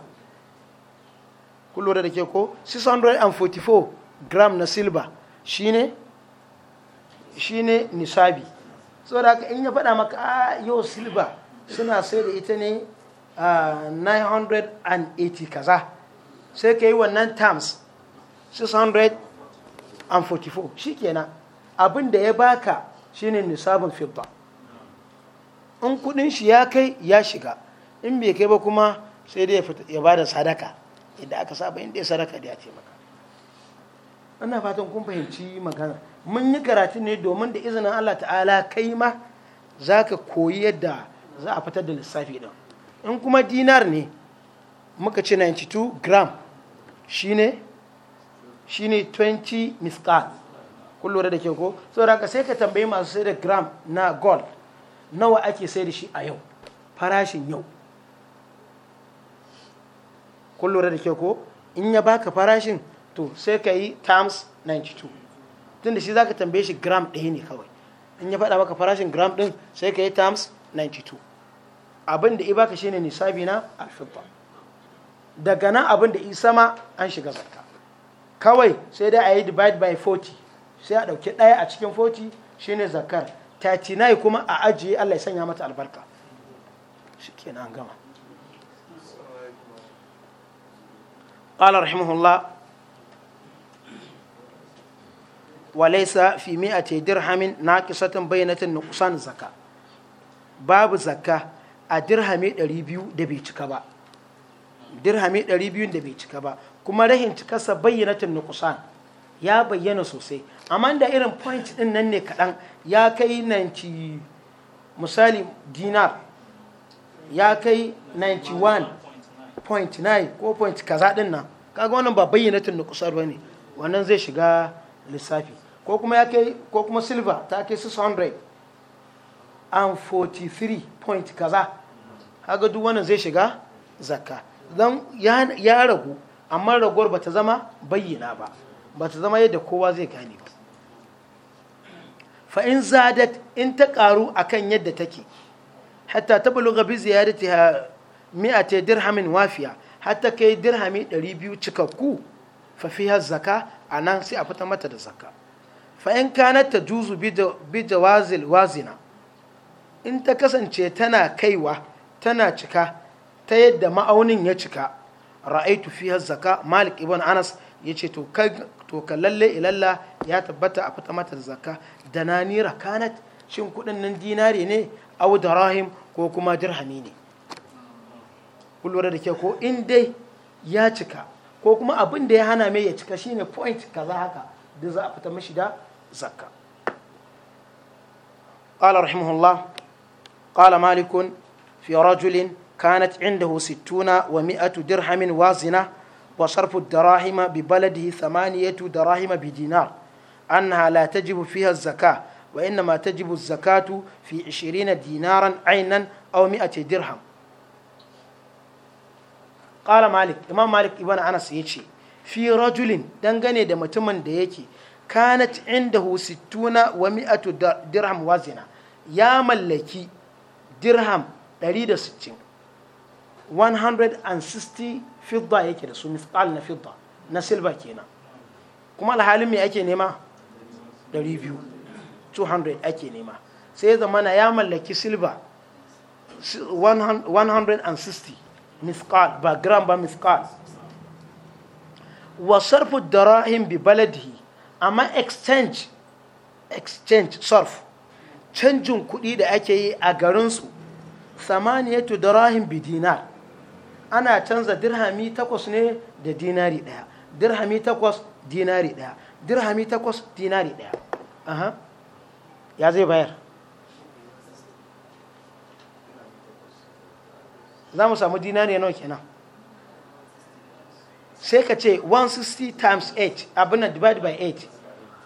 [SPEAKER 1] kun lura da ke ko 644 gram na silver shine shine nisabi so haka in ya faɗa maka a ah, yau silver suna sai da ita ne a 980 kaza sai ka yi wannan terms 644 shi kenan abin da ya baka shine nisabin fidda in kudin shi ya kai ya shiga in bai kai ba kuma sai dai ya ba da sadaka idan aka saba inda ya sadaka da ya ce maka ana fatan kun fahimci magana mun yi karatu ne domin da izinin Allah ta'ala kai ma za ka koyi yadda za a fitar da lissafi ɗin in kuma dinar ne muka ce 92 gram shi ne 20 miskal kun lura da ke ko saboda ka sai ka tambayi masu sai da gram na gold nawa ake sai da shi a yau farashin yau kun lura da ke ko in ya baka farashin to sai ka yi times 92 tunda shi zaka tambaye shi gram ɗaya ne kawai in ya faɗa maka farashin gram ɗin sai ka yi times 92 abin da i baka ne nisabi na alfibba daga nan abin da i sama an shiga zakka kawai sai dai a yi divide by 40 sai a ɗauki ɗaya a cikin 40 ne zakkar 39 kuma a ajiye allah ya sanya mata albarka shi kenan gama قال رحمه الله وليس في مئة درهم ناقصة بينة نقصان زكاة باب زكاة الدرهم الريبيو دبي تكبا درهم الريبيو دبي تكبا كما رهن تكسى بينة نقصان يا بينا سوسي أما عند إيران بوينت إن نني كلام يا كي ننتي دينار يا كي ننتي وان point 9 ko point kaza din nan kaga wannan ba bayyanatun ba ne wannan zai shiga lissafi ko kuma ya kai ko kuma silver ta kai 600 and 43 point kaza kaga duk wannan zai shiga zakka dan ya ragu amma raguwar bata zama bayyana ba bata zama yadda kowa zai gane ba fa in zadat in ta karu akan yadda take hatta ta bi ziyadatiha mi'ate dirhamin wafiya hatta kai dirhami 200 cikakku fa fiha zaka anan sai a fita mata da zakka fa in kanat tajuzu bi jawazil wazina in ta kasance tana kaiwa tana cika ta yadda ma'aunin ya cika ra'aitu fiha zaka malik ibn anas yace to to kallalle ilalla ya tabbata a fita mata da zakka dananira kanat shin kudin nan dinari ne au darahim ko kuma dirhami ne kun lura da ke ko in dai ya cika ko kuma abin da ya hana mai ya cika shine point kaza haka duk za a fita mashi da zakka قال رحمه الله قال مالك في رجل كانت عنده ستون ومائة درهم وازنة وصرف الدراهم ببلده ثمانية دراهم بدينار أنها لا تجب فيها الزكاة وإنما تجب الزكاة في عشرين دينارا عينا أو مائة درهم qala malik imam malik ibn anas ce fi rajulin dangane da mutumin da yake kanat indahu sittuna wa mi'atu dirham wazina ya mallaki dirham 160 160 fidda yake da su misqal na fidda na silba kenan kuma alhalin me ake nema 200 200 ake nema sai zamana ya mallaki silba 160 misqal ba gram ba misqal wa sarfu darahim bi baladihi amma exchange exchange canjin kuɗi da ake yi a garinsu samaniyatu darahim bi dinar ana canza dirhami takwas ne da dinari ɗaya dirhami takwas dinari ɗaya dirhami takwas dinari ɗaya ya zai bayar za mu samu dinariya nawa kenan sai ka ce 160 times 8 abin na divide by 8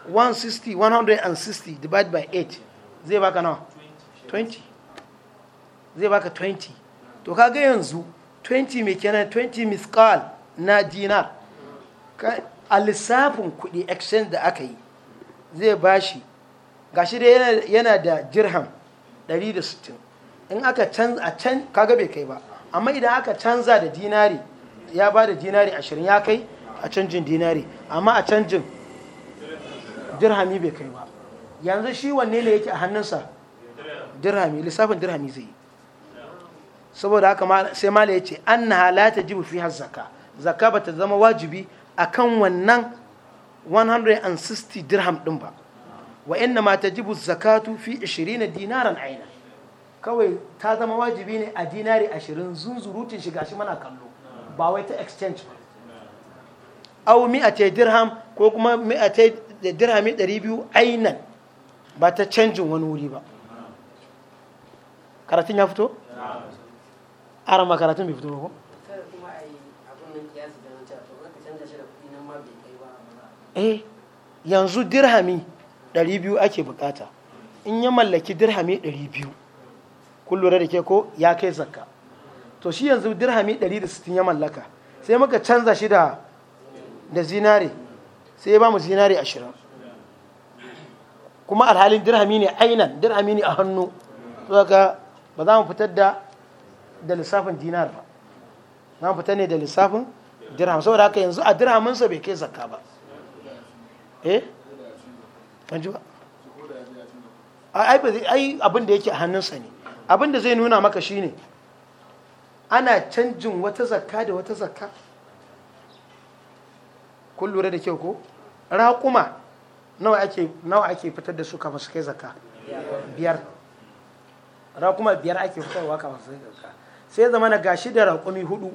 [SPEAKER 1] 160 160 divide by 8 zai baka nawa 20 zai baka 20 to kaga yanzu 20 mai kenan 20 miskal na dinar a lissafin kudi exchange da aka yi zai bashi gashi dai yana da jirham 160 in aka can a can kaga bai kai ba amma idan aka canza da dinari ya ba da dinari ashirin ya kai a canjin dinari amma a canjin dirhami bai kai ba yanzu shi wanne ne yake a hannunsa dirhami lissafin dirhami zai yi saboda haka sai mala ya ce an na halata jibu fi har zaka zaka ba ta zama wajibi a kan wannan 160 dirham din ba wa inna ma ta jibu zakatu fi 20 dinaran aina kawai ta zama wajibi ne a dinari ashirin zunzurutin shiga shi mana kallo ba wai ta exchange ba au mi'atai dirham ko kuma mi'atai dirhami 200 ainan ba ta canjin wani wuri ba karatun ya fito? ara ma karatun bai fito ba ko? eh yanzu dirhami 200 ake bukata in ya mallaki dirhami 200 kun lura da ke ko ya kai zakka to shi yanzu dirhami 160 ya mallaka sai muka canza shi da da zinare sai ya ba mu zinare 20 kuma alhalin dirhami ne ainan dirhami ne a hannu ka ba za mu fitar da da lissafin dinar ba za mu fitar ne da lissafin dirham saboda haka yanzu a sa bai kai zakka ba eh ban ji ba ai abin da yake a hannunsa ne abinda zai nuna maka shine ana canjin wata zakka da wata zakka kun lura da kyau ko raƙuma nawa ake nawa ake fitar da su ka su kai zakka biyar raƙuma biyar ake fitarwa kafin su kai zakka sai zama na gashi da raƙumi hudu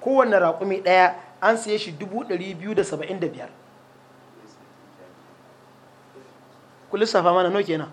[SPEAKER 1] kowanne raƙumi ɗaya an siye shi dubu ɗari biyu da saba'in da biyar ku lissafa mana no kenan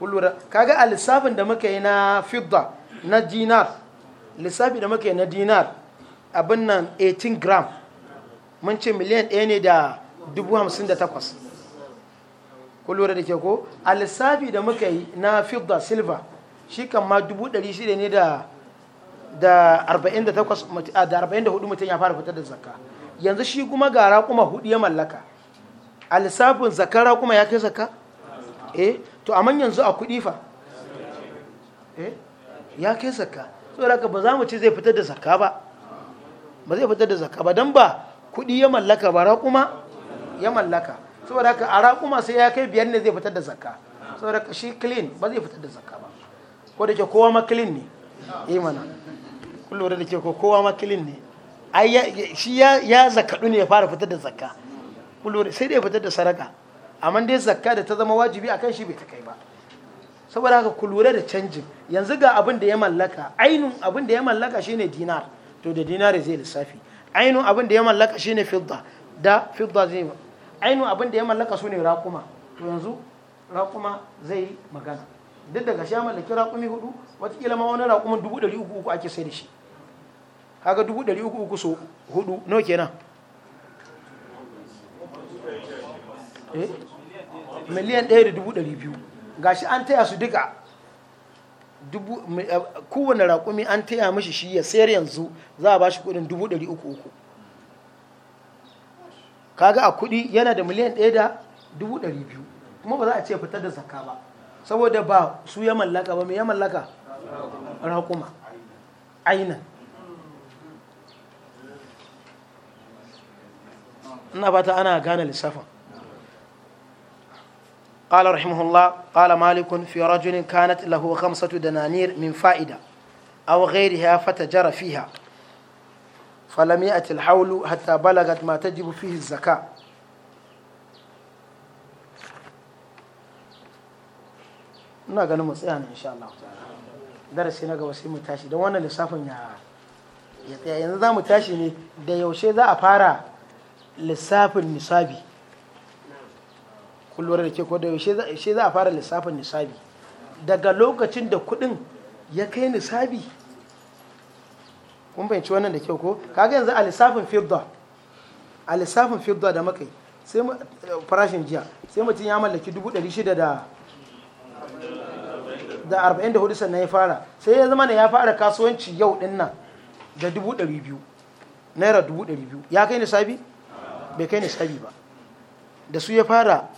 [SPEAKER 1] kullura kaga a lissafin da muka yi na fidda na dinar lissafi da muka yi na dinar abin nan 18 gram mun ce miliyan ɗaya ne da 58 kullura da ke ko a lissafi da muka yi na fidda silver shi kan ma 600 ne da da 44 mutum ya fara fitar da zakka yanzu shi kuma gara kuma hudu ya mallaka a lissafin zakara kuma ya kai zakka eh to amma yanzu a kuɗi fa eh, ya kai zakka saboda haka ba za mu ce zai fitar da zakka ba ba zai fitar da zakka ba don ba kuɗi ya mallaka ba raƙuma ya mallaka saboda haka a raƙuma sai ya kai biyar ne zai fitar da zakka saboda haka shi clean ba zai fitar da zakka ba ko da ke kowa ma clean ne yi eh, mana kullum da ke ko kowa ma clean ne ai shi ya zakaɗu ne ya fara fitar da zakka kullum sai dai fitar da saraka amma dai zakka da ta zama wajibi a kan shi bai ta kai ba saboda haka ku lura da canjin yanzu ga abin da ya mallaka ainun abin da ya mallaka shine dinar to da dinar zai lissafi ainun abin da ya mallaka shine fidda da fidda zai ainun abin da ya mallaka sune raƙuma to yanzu raƙuma zai magana duk daga shi ya mallaki raƙumi hudu watakila ma wani raƙumin dubu ɗari uku uku ake sai da shi kaga dubu ɗari uku uku so hudu no kenan eh miliyan ɗaya da dubu ɗari biyu gashi an taya su duka eh, kowane raƙumi an taya mashi shi ya sayar yanzu za a ba shi kuɗin dubu ɗari uku uku kaga a kuɗi yana da miliyan ɗaya da dubu ɗari biyu kuma ba za a ce fitar da zakka ba saboda ba su ya mallaka ba mai ya mallaka raƙuma aina. ina fata ana gane lissafin قال رحمه الله قال مالك في رجل كانت له خمسة دنانير من فائدة أو غيرها فتجر فيها فلم يأت الحول حتى بلغت ما تجب فيه الزكاة ina ganin mu ne insha Allah darasi na gaba sai mu tashi don wannan lissafin ya ya tsaya yanzu za mu tashi ne da yaushe za a fara lissafin nisabi kullum da ke ko da yaushe za a fara lissafin nisabi daga lokacin da kudin ya kai nisabi kun fahimci wannan da kyau ko kaga yanzu a lissafin fidda a lissafin fidda da makai sai farashin jiya sai mutum ya mallaki
[SPEAKER 2] 644
[SPEAKER 1] sannan ya fara sai ya zama da ya fara kasuwanci yau din nan da 200 naira 200 ya kai nisabi bai kai nisabi ba da su ya fara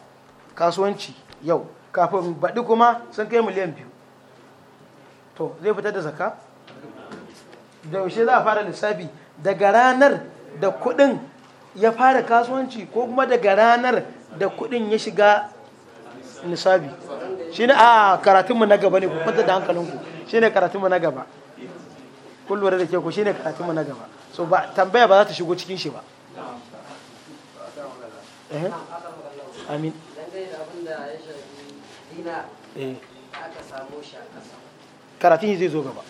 [SPEAKER 1] kasuwanci yau kafin baɗi kuma sun kai miliyan biyu to zai fitar da zaka da yaushe za a fara lissafi daga ranar da kuɗin ya fara kasuwanci ko kuma daga ranar da kuɗin ya shiga nisabi shi ne a karatunmu na gaba ne ku kwanta da hankalinku shi ne karatunmu na gaba kullum da ke ku shi ne karatunmu na gaba so ba tambaya ba za ta shigo cikin shi ba eh? amin Eh. karatun zai zo gaba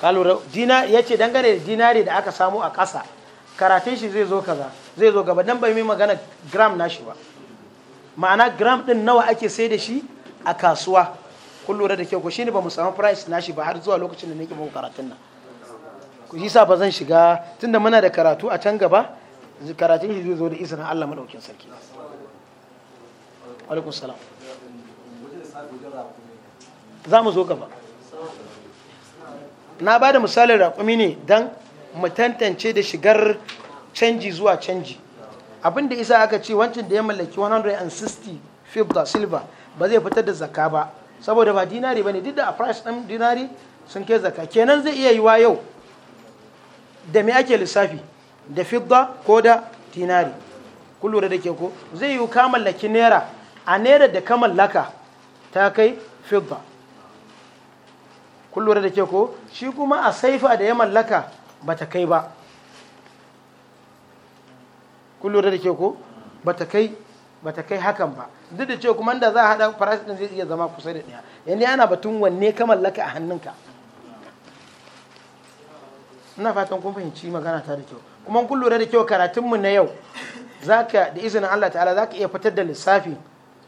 [SPEAKER 1] kalura dina ya ce dangane da dinari da aka samu a ƙasa karatun shi zai zo kaza zai zo gaba dan bai mai magana gram nashi ba ma'ana gram din nawa ake sai da shi a kasuwa kun lura da kyau ko ne ba mu samu price nashi ba har zuwa lokacin da nake muku karatun nan ku shi sa ba zan shiga tunda muna da karatu a can gaba karatun shi zai zo da izinin Allah madaukin sarki alaikun salam za mu zo gaba na ba da misalin raƙumi ne don mu tantance da shigar canji zuwa canji abinda isa aka ce wancan da ya mallaki 160 fibda silver ba zai fitar da zaka ba saboda ba dinari ba ne duk da a price ɗin dinari sun kai zaka kenan zai iya yiwa yau da me ake lissafi da fibda ko da dinari kullum da ke ko zai yi ka mallaki naira a naira da ka mallaka ta kai fidda kullum da ke ko shi kuma a saifa da ya mallaka ba ta kai ba kullum da ke ko ba ta kai ba ta kai hakan ba duk da ce kuma da za a haɗa farashin zai iya zama kusa da ɗaya yanzu ana batun wanne ka mallaka a hannunka ina fatan kun fahimci magana ta da kyau kuma kullum da kyau karatunmu na yau zaka da izinin Allah ta'ala zaka iya fitar da lissafi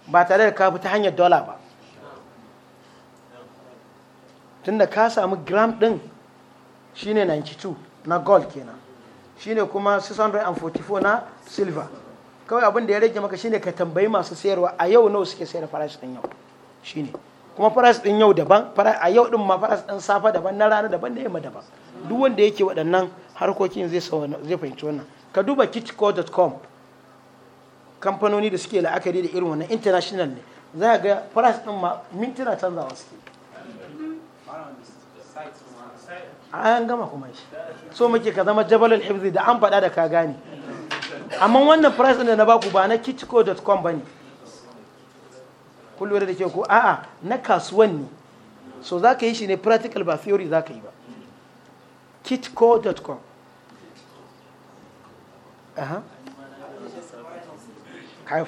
[SPEAKER 1] ba tare da ka ta hanyar dola ba tunda ka samu gram din shine 92 na gold kenan shine kuma 644 na silver kawai abin da ya rage maka shine ka tambayi masu sayarwa a yau nawa suke sayar farashi din yau shine kuma farashi din yau daban a yau din ma farashi din safa daban na rana daban da yamma daban duk wanda yake waɗannan harkokin zai zai fahimci wannan ka duba kitco.com kamfanoni da suke la'akari da irin wannan international ne za ga price din ma mintuna canzawa suke an gama kuma shi so muke ka zama jabalin ibzi da an faɗa da ka gane amma wannan price da na baku ba na kitco.com ba ne kullum da ke ko a'a na kasuwan ne so za ka yi shi ne practical ba theory za ka yi ba kitco.com kayan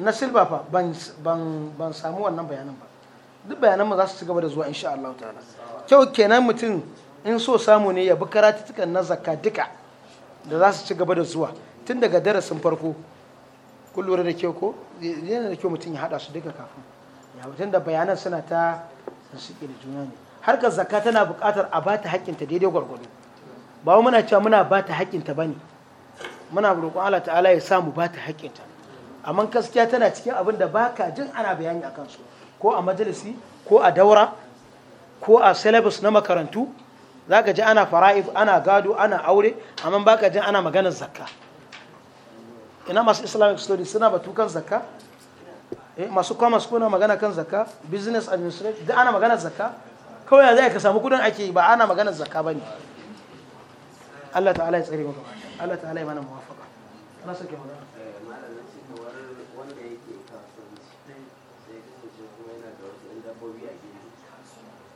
[SPEAKER 1] na silba fa ban samu wannan bayanan ba duk bayanan mu za su ci gaba da zuwa insha Allah ta'ala kyau kenan mutum in so samu ne ya bi karatutukan na zakka duka da za su ci gaba da zuwa tun daga darasin farko kullure da kyau ko yana da kyau mutum ya hada su duka kafin ya mutum da bayanan suna ta suke da juna ne harkar zakka tana bukatar a ba ta haƙƙinta daidai gwargwado ba muna cewa muna ba ta haƙƙinta ba ne muna roƙon Allah ta'ala ya samu ba ta haƙƙinta amma gaskiya tana cikin abin da ba ka jin ana bayani a kansu ko a majalisi ko a daura ko a syllabus na makarantu za ka ji ana fara'if ana gado ana aure amma ba ka jin ana maganar zakka ina masu islamic studies suna batukan zakka Eh? masu commerce kuna magana kan zaka business administration da ana magana zaka kawai ya zai ka samu kudin ake ba ana magana zaka ba ne Allah ta'ala ya tsari maka Allah ta'ala ya mana muwafaka na sake magana eh,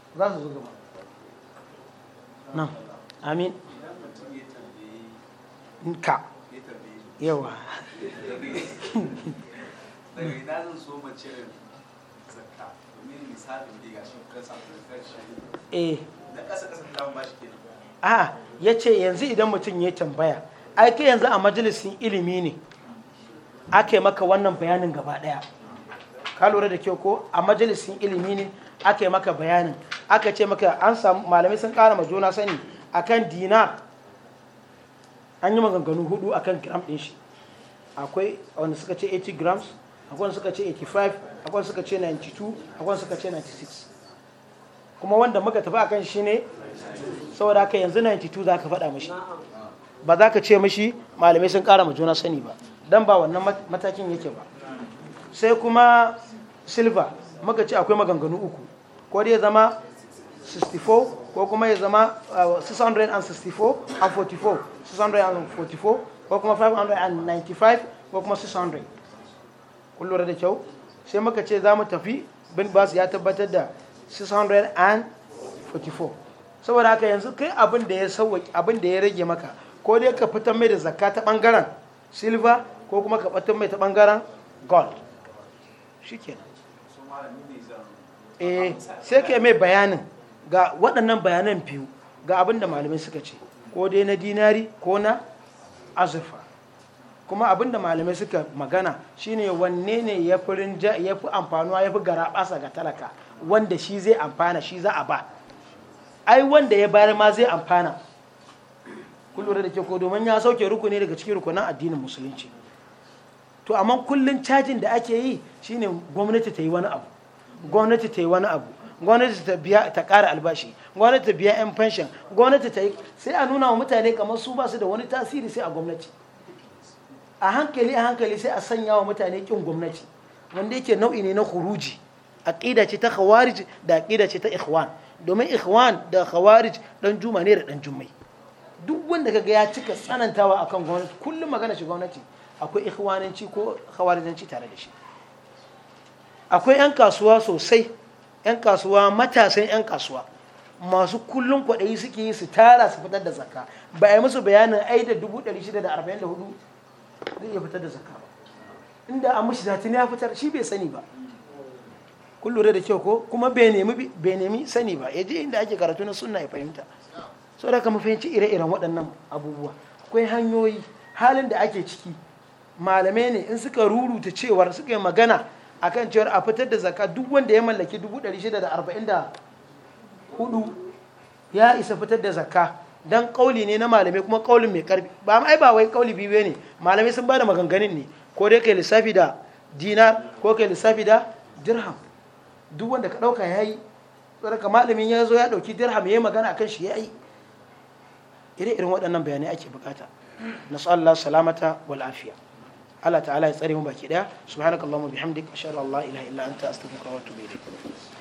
[SPEAKER 1] za su zo gaba nan amin ka yawa
[SPEAKER 2] daga
[SPEAKER 1] ina zan so mace zakka domin misalin da kan samu eh na kasa kasa da ba shi kenan a ya ce yanzu idan mutum ya tambaya ai kai yanzu a majalisin ilimi ne aka yi maka wannan bayanin gaba daya ka lura da kyau ko a majalisin ilimi ne aka yi maka bayanin aka ce maka an samu malamai sun kara ma juna sani akan dinar an yi maganganu hudu akan gram din shi akwai wanda suka ce 80 grams akwai suka ce 85 akwai suka ce 92 akwai suka ce 96 kuma wanda muka tafi akan shi ne saboda aka yanzu 92 za ka faɗa mashi ba za ka ce mashi malamai sun ƙara juna sani ba don ba wannan matakin yake ba sai kuma silva muka ce akwai maganganu uku ko dai ya zama 64 ko kuma ya zama 664 uh, and 44 644 ko kuma 595 ko kuma 600 kun da kyau sai muka ce za mu tafi bin bas ya tabbatar da 644 saboda haka yanzu kai abin da ya abin da ya rage maka ko dai ka fitar mai da zakka ta bangaren silver ko kuma ka fitar mai ta bangaren gold ke eh sai ka mai bayanin ga waɗannan bayanan biyu ga abin da malamai suka ce ko dai na dinari ko na azurfa kuma abin da malamai suka magana shine wanne ne ya fi amfanuwa ya fi garaɓasa ga talaka wanda shi zai amfana shi za a ba ai wanda ya bayar ma zai amfana kullum da ke ko domin ya sauke rukuni daga cikin rukunan addinin musulunci to amma kullum cajin da ake yi shine gwamnati ta yi wani abu gwamnati ta yi wani abu gwamnati ta biya ta kara albashi gwamnati ta biya 'yan fanshin gwamnati ta yi sai a nuna wa mutane kamar su ba su da wani tasiri sai a gwamnati a hankali a hankali sai a sanya wa mutane kin gwamnati wanda yake nau'i ne na huruji aqida ce ta khawarij da aqida ce ta ikhwan domin ikhwan da khawarij dan juma ne da dan jummai duk wanda kaga ya cika tsanantawa akan gwamnati kullum magana shi gwamnati akwai ikhwananci ko khawarijanci tare da shi akwai 'yan kasuwa sosai 'yan kasuwa matasan 'yan kasuwa masu kullum kwaɗayi suke yi su tara su fitar da zakka ba a yi musu bayanin ai da 644 zai iya fitar da zakka ba inda an mishi ne ya fitar shi bai sani ba kun da kyau ko kuma bai nemi sani ba ya je inda ake karatu na suna ya fahimta so da kama fahimci ire-iren waɗannan abubuwa akwai hanyoyi halin da ake ciki malamai ne in suka ruruta cewar suka yi magana akan cewar a fitar da zaka duk wanda ya mallaki 644 ya isa fitar da zaka dan kauli ne na malamai kuma kaulin mai karfi ba ai ba wai kauli biyu ne malamai sun bada maganganun ne ko dai kai lissafi da dinar ko kai lissafi da dirham duk wanda ka dauka yayi tsarka malamin ya zo ya dauki dirham yayi magana akan shi yayi ire irin waɗannan bayanai ake bukata allah salamata wal afiya Allah ta'ala ya tsare mu baki daya subhanakallahumma bihamdik ashhadu an la ilaha illa anta astaghfiruka wa atubu ilayk